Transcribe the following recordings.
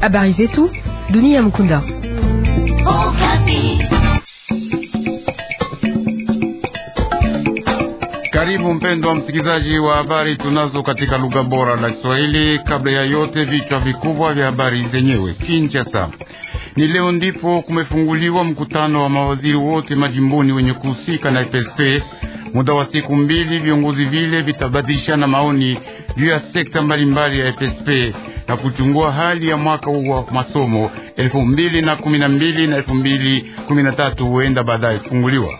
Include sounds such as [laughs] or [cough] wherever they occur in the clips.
Habari zetu Dunia Mkunda. Karibu mpendwa msikilizaji wa habari tunazo katika lugha bora la Kiswahili. Kabla ya yote, vichwa vikubwa vya habari zenyewe. Kinshasa, ni leo ndipo kumefunguliwa mkutano wa mawaziri wote majimboni wenye kuhusika na PSP muda wa siku mbili. Viongozi vile vitabadilishana maoni juu ya sekta mbalimbali ya FSP na kuchungua hali ya mwaka huu wa masomo 2012 na 2013 huenda baadaye kufunguliwa.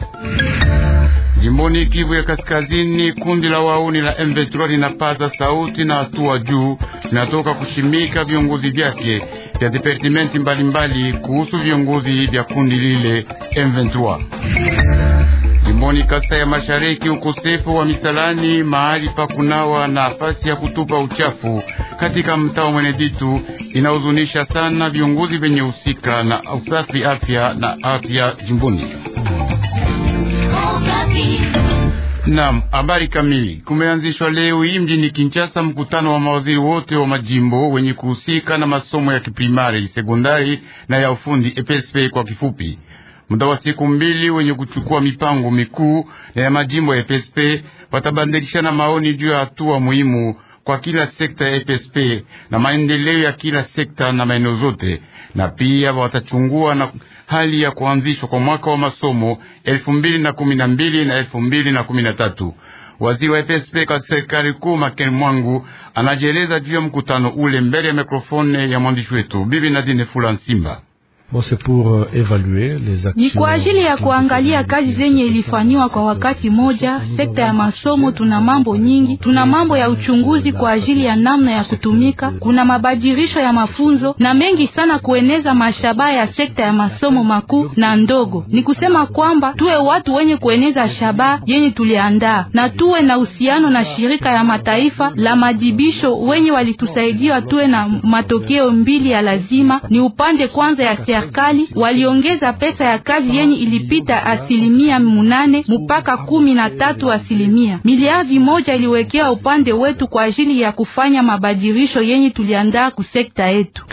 Jimboni Kivu ya Kaskazini, kundi la wauni la M23 linapaza sauti na hatua juu linatoka kushimika viongozi vyake vya departimenti mbalimbali kuhusu viongozi vya kundi lile M23. Jimboni Kasai ya Mashariki, ukosefu wa misalani mahali pa kunawa na nafasi ya kutupa uchafu katika mtaa Mweneditu inahuzunisha sana viongozi venye husika na usafi afya na afya jimboni. Naam, habari kamili. Kumeanzishwa leo hii mjini Kinshasa mkutano wa mawaziri wote wa majimbo wenye kuhusika na masomo ya kiprimari, sekondari na ya ufundi EPSP kwa kifupi muda wa siku mbili, wenye kuchukua mipango mikuu na ya majimbo ya FSP e watabadilishana maoni juu ya hatua muhimu kwa kila sekta ya FSP e na maendeleo ya kila sekta na maeneo zote, na pia watachungua na hali ya kuanzishwa kwa mwaka wa masomo 2012 na 2013. na na na Waziri wa FSP e kwa serikali kuu Maken Mwangu anajieleza juu ya mkutano ule mbele ya mikrofone ya mwandishi wetu Bibi Nadine Fula Nsimba. Euh, ni kwa ajili ya kuangalia kazi zenye ilifanywa kwa wakati moja. Sekta ya masomo tuna mambo nyingi, tuna mambo ya uchunguzi kwa ajili ya namna ya kutumika, kuna mabadilisho ya mafunzo na mengi sana, kueneza mashabaha ya sekta ya masomo makuu na ndogo. Ni kusema kwamba tuwe watu wenye kueneza shabaha yenye tuliandaa na tuwe na uhusiano na shirika ya mataifa la majibisho wenye walitusaidia tuwe na matokeo mbili ya lazima, ni upande kwanza ya serikali waliongeza pesa ya kazi yenye ilipita asilimia munane mpaka kumi na tatu asilimia. Miliardi moja iliwekea upande wetu kwa ajili ya kufanya mabadilisho yenye tuliandaa sekta yetu.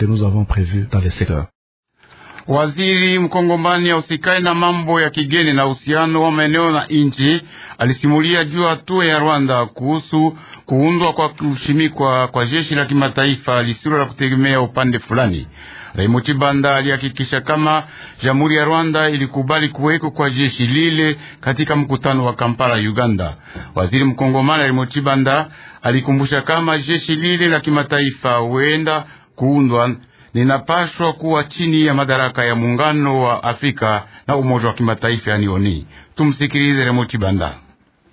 Waziri mkongomani usikai na mambo ya kigeni na uhusiano wa maeneo na nchi alisimulia juu hatua ya Rwanda kuhusu kuundwa kwa kushimikwa kwa jeshi la kimataifa lisilo la kutegemea upande fulani. Raimuti Banda alihakikisha kama Jamhuri ya Rwanda ilikubali kuweko kwa jeshi lile katika mkutano wa Kampala, Uganda. Waziri mkongomana Raimuti Banda alikumbusha kama jeshi lile la kimataifa huenda kuundwa linapashwa kuwa chini ya madaraka ya muungano wa Afrika na umoja wa kimataifa yani ONU. Tumsikilize Raimuti Banda.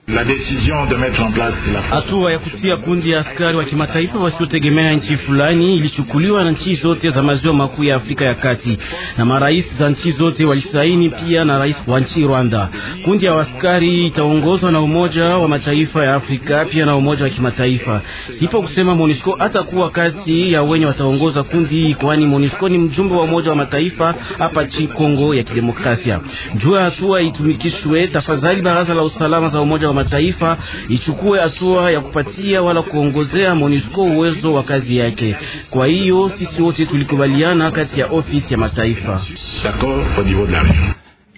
La la de mettre en place Hatua ya kutia kundi ya askari wa kimataifa wasiotegemea nchi fulani ilichukuliwa na nchi zote za maziwa makuu ya Afrika ya Kati na marais za nchi zote walisaini, pia na rais wa nchi Rwanda. Kundi ya askari itaongozwa na Umoja wa Mataifa ya Afrika pia na Umoja wa Kimataifa. Ipo kusema MONUSCO hatakuwa kati ya wenye wataongoza kundi hii, kwani MONUSCO ni mjumbe wa Umoja wa Mataifa hapa chi Kongo ya Kidemokrasia. Jua hatua itumikishwe, tafadhali baraza la usalama za Umoja wa Mataifa ichukue hatua ya kupatia wala kuongozea MONUSCO uwezo wa kazi yake. Kwa hiyo sisi wote tulikubaliana kati ya ofisi ya mataifa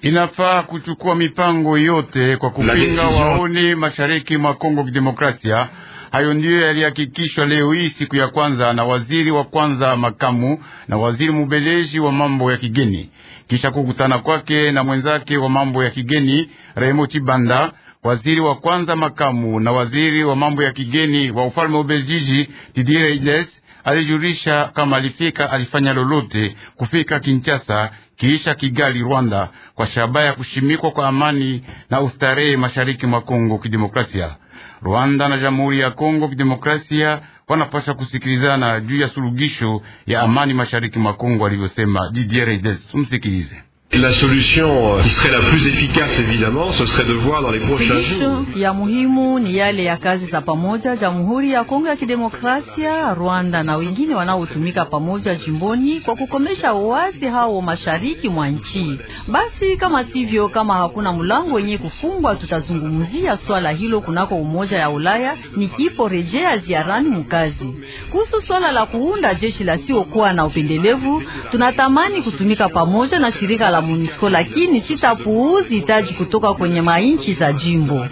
inafaa kuchukua mipango yote kwa kupinga waoni mashariki mwa Kongo Kidemokrasia. Hayo ndiyo yalihakikishwa leo hii siku ya kwanza na waziri wa kwanza makamu na waziri mubeleji wa mambo ya kigeni kisha kukutana kwake na mwenzake wa mambo ya kigeni Raymond Chibanda waziri wa kwanza makamu na waziri wa mambo ya kigeni wa ufalme wa ubeljiji Didier Reynders alijulisha kama alifika alifanya lolote kufika Kinshasa kiisha Kigali, Rwanda, kwa shabaha ya kushimikwa kwa amani na ustarehe mashariki mwa Kongo Kidemokrasia. Rwanda na Jamhuri ya Kongo Kidemokrasia wanapaswa kusikilizana juu ya surugisho ya amani mashariki mwa Kongo, alivyosema Didier Reynders. Tumsikilize. La solution euh, qui serait la plus efficace évidemment, ce serait de voir dans les prochains jours. ya muhimu ni yale ya kazi za pamoja Jamhuri ya Kongo ya Kidemokrasia, Rwanda na wengine wanaotumika pamoja jimboni kwa kukomesha uasi hao mashariki mwa nchi. Basi kama sivyo, kama hakuna mlango wenye kufungwa, tutazungumzia swala hilo kunako Umoja ya Ulaya nikipo rejea ziarani mkazi. Kuhusu swala la kuunda jeshi la siokuwa na upendelevu, tunatamani kutumika pamoja na shirika la la MONUSCO, lakini sitapuuzi itaji kutoka kwenye mainchi za jimbo.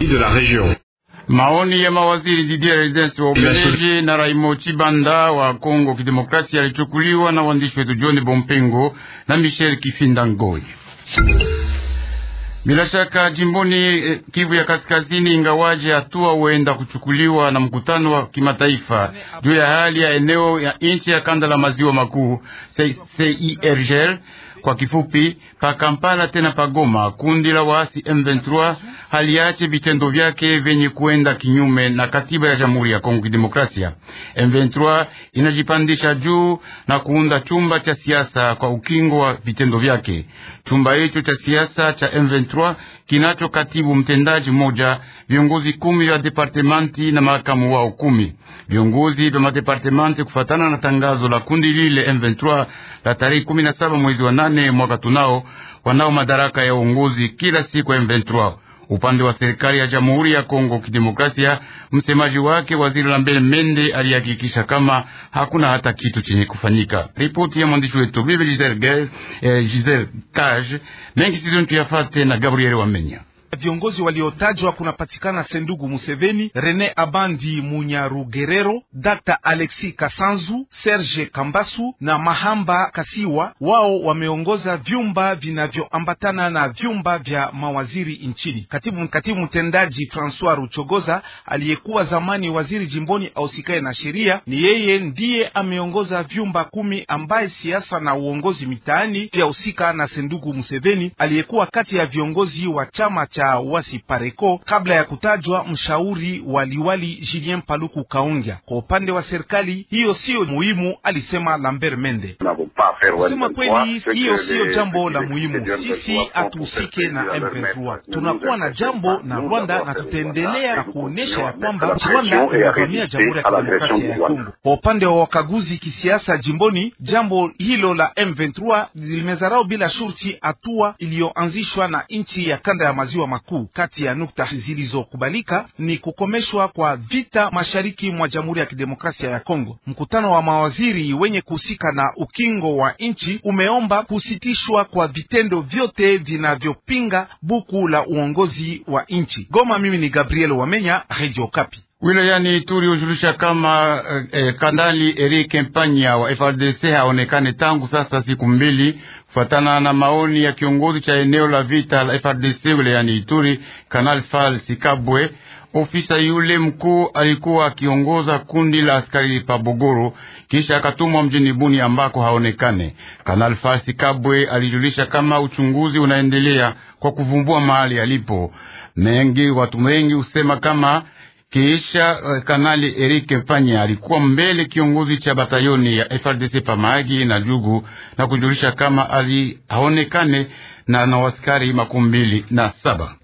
Maoni ya mawaziri Didier Residence wa Ubeleji na raimo Chibanda wa Kongo Kidemokrasia yalichukuliwa na waandishi wetu John Bompengo na Michel Kifinda Ngoi. Bila shaka jimboni eh, Kivu ya Kaskazini, ingawaje hatua huenda kuchukuliwa na mkutano wa kimataifa juu ya hali ya eneo ya nchi ya kanda la maziwa makuu CIRGL kwa kifupi, pa Kampala tena pa Goma, kundi la waasi M23 haliache vitendo vyake vyenye kuenda kinyume na katiba ya Jamhuri ya Kongo Kidemokrasia. M23 inajipandisha juu na kuunda chumba cha siasa kwa ukingo wa vitendo vyake. Chumba hicho cha siasa cha M23 kinacho katibu mtendaji mmoja, viongozi kumi wa departementi na makamu wao kumi. Viongozi vya madepartementi kufatana na tangazo la kundi lile M23 la tarehe 17 mwezi wa nane nane mwaka tunao wanao madaraka ya uongozi kila siku M23 upande wa serikali ya Jamhuri ya Kongo Kidemokrasia. Msemaji wake Waziri Lambert Mende alihakikisha kama hakuna hata kitu chenye kufanyika. Ripoti ya mwandishi wetu Bibi Giselle Kaj eh, mengi sizoni tuyafate na Gabriel Wamenya viongozi waliotajwa kunapatikana Sendugu Museveni, Rene Abandi Munyarugerero, Dr Alexi Kasanzu, Serge Kambasu na Mahamba Kasiwa. Wao wameongoza vyumba vinavyoambatana na vyumba vya mawaziri nchini. Katibu, mkatibu mtendaji Francois Ruchogoza aliyekuwa zamani waziri jimboni ausikae na sheria, ni yeye ndiye ameongoza vyumba kumi ambaye siasa na uongozi mitaani vya husika na Sendugu Museveni aliyekuwa kati ya viongozi wa chama cha cha pareko kabla ya kutajwa mshauri wa liwali Julien Paluku Kaunja. Kwa upande wa serikali hiyo siyo muhimu, alisema Lambert Mende. Kusema kweli, hiyo siyo jambo la muhimu. Sisi hatuhusike na M23, tunakuwa na jambo na Rwanda na tutaendelea na kuonyesha ya kwamba Rwanda imevamia Jamhuri ya Kidemokrasia ya Kongo. Kwa upande wa wakaguzi kisiasa jimboni, jambo hilo la M23 limezarau bila shurti hatua iliyoanzishwa na nchi ya kanda ya maziwa makuu. Kati ya nukta zilizokubalika ni kukomeshwa kwa vita mashariki mwa Jamhuri ya Kidemokrasia ya Kongo. Mkutano wa mawaziri wenye kuhusika na ukingo wa wa nchi umeomba kusitishwa kwa vitendo vyote vinavyopinga buku la uongozi wa nchi. Goma, mimi ni Gabriel Wamenya, Radio Kapi. Wilayani Ituri hujulisha kama eh, eh Kandali Eric Kempanya wa FRDC haonekane tangu sasa siku mbili, kufuatana na maoni ya kiongozi cha eneo la vita la FRDC wilayani Ituri, Kanali Fal Sikabwe Ofisa yule mkuu alikuwa akiongoza kundi la askari Pabogoro, kisha akatumwa mjini Buni ambako haonekane. Kanal Fasi Kabwe alijulisha kama uchunguzi unaendelea kwa kuvumbua mahali alipo. Mengi watu wengi husema kama kisha eh, Kanali Erike Panya alikuwa mbele kiongozi cha batayoni ya FRDC Pamagi na Jugu na kujulisha kama ali haonekane na na waskari makumi mbili na saba.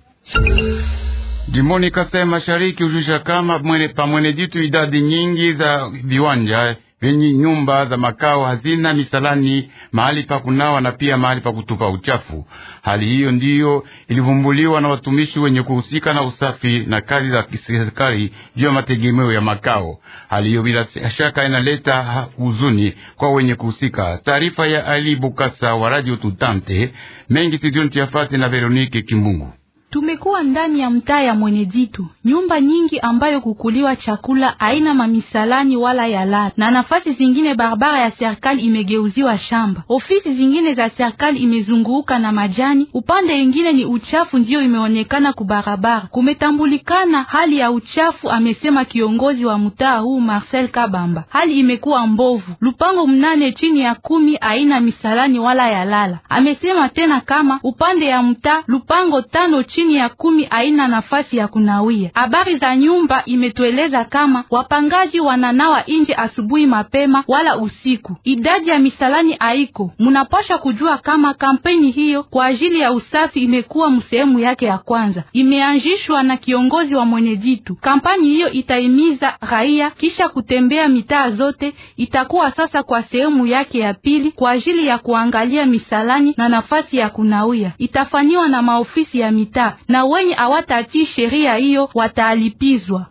Jimboni Kasai Mashariki ujusha kama mwene mwene jitu idadi nyingi za viwanja vyenye nyumba za makao hazina misalani mahali pa kunawa na pia mahali pa kutupa uchafu. Hali hiyo ndiyo ilivumbuliwa na watumishi wenye kuhusika na usafi na kazi za kiserikali juu ya mategemeo ya makao. Hali hiyo bila shaka inaleta huzuni kwa wenye kuhusika. Taarifa ya Ali Bukasa wa Radio Tutante mengi studioni tuyafate na Veronike Kimbungu. Tumekuwa ndani ya mtaa ya Mweneditu, nyumba nyingi ambayo kukuliwa chakula aina mamisalani wala ya lata, na nafasi zingine barabara ya serikali imegeuziwa shamba. Ofisi zingine za serikali imezunguka na majani, upande ingine ni uchafu ndiyo imeonekana kubarabara, kumetambulikana hali ya uchafu, amesema kiongozi wa mtaa huu Marcel Kabamba. Hali imekuwa mbovu, lupango mnane chini ya kumi aina misalani wala ya lala. Amesema tena kama upande ya mtaa lupango tano chini chini ya kumi haina nafasi ya kunawia. Habari za nyumba imetueleza kama wapangaji wananawa nje asubuhi mapema wala usiku. Idadi ya misalani haiko. Munapasha kujua kama kampeni hiyo kwa ajili ya usafi imekuwa msehemu yake ya kwanza, imeanzishwa na kiongozi wa mwenyejitu. Kampani hiyo itaimiza raia kisha kutembea mitaa zote, itakuwa sasa kwa sehemu yake ya pili kwa ajili ya kuangalia misalani na nafasi ya kunawia, itafanyiwa na maofisi ya mitaa sheria, na wenye hawatatii sheria hiyo wataalipizwa.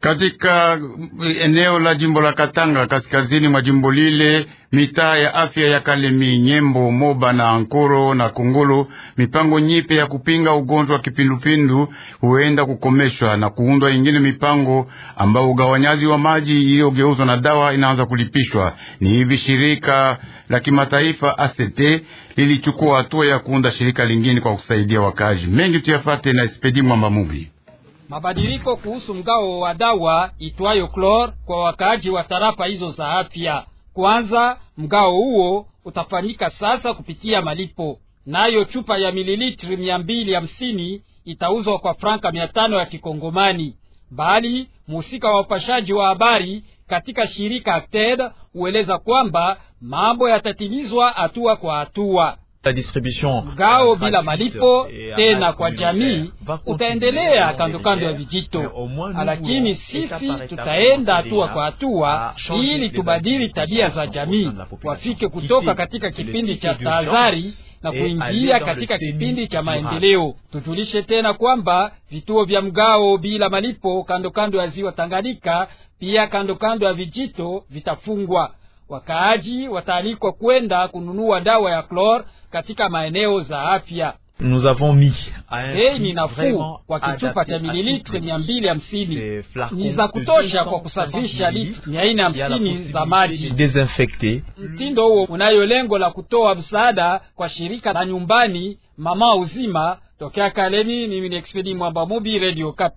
Katika eneo la jimbo la Katanga, kaskazini mwa jimbo lile mitaa ya afya ya Kalemi, Nyembo, Moba na Ankoro na Kongolo. Mipango nyipe ya kupinga ugonjwa wa kipindupindu huenda kukomeshwa na kuundwa ingine mipango ambao ugawanyaji wa maji iliyogeuzwa na dawa inaanza kulipishwa. Ni hivi shirika la kimataifa ACT lilichukua hatua ya kuunda shirika lingine kwa kusaidia wakazi. Mengi tuyafate na Espedi Mwamba Mubi. Mabadiliko kuhusu mgao wa dawa itwayo klor kwa wakaaji wa tarafa hizo za afya kwanza mgao huo utafanyika sasa kupitia malipo, nayo na chupa ya mililitri mia mbili hamsini itauzwa kwa franka mia tano ya kikongomani bali muhusika wa upashaji wa habari katika shirika TED hueleza kwamba mambo yatatimizwa hatua kwa hatua mgao bila malipo tena kwa jamii utaendelea kando kando ya vijito, lakini sisi tutaenda hatua kwa hatua ili tubadili tabia za jamii, wafike kutoka katika kipindi cha tahadhari na kuingia katika kipindi cha maendeleo. Tujulishe tena kwamba vituo vya mgao bila malipo kando kando ya ziwa Tanganyika, pia kando kando ya vijito vitafungwa. Wakaaji wataalikwa kwenda kununua dawa ya klor katika maeneo za afya. Bei ni nafuu kwa kichupa cha mililitre mia mbili hamsini ni za kutosha kwa kusafisha litri mia nne hamsini za maji. Mtindo huo unayo lengo la kutoa msaada kwa shirika la nyumbani mama uzima. Tokea Kalemi, mimi ni Expedi Mwamba Mubi, Radio Kapi.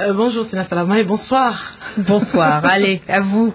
Euh, bonjour, Sina Salama et bonsoir. Bonsoir, [laughs] allez, à vous.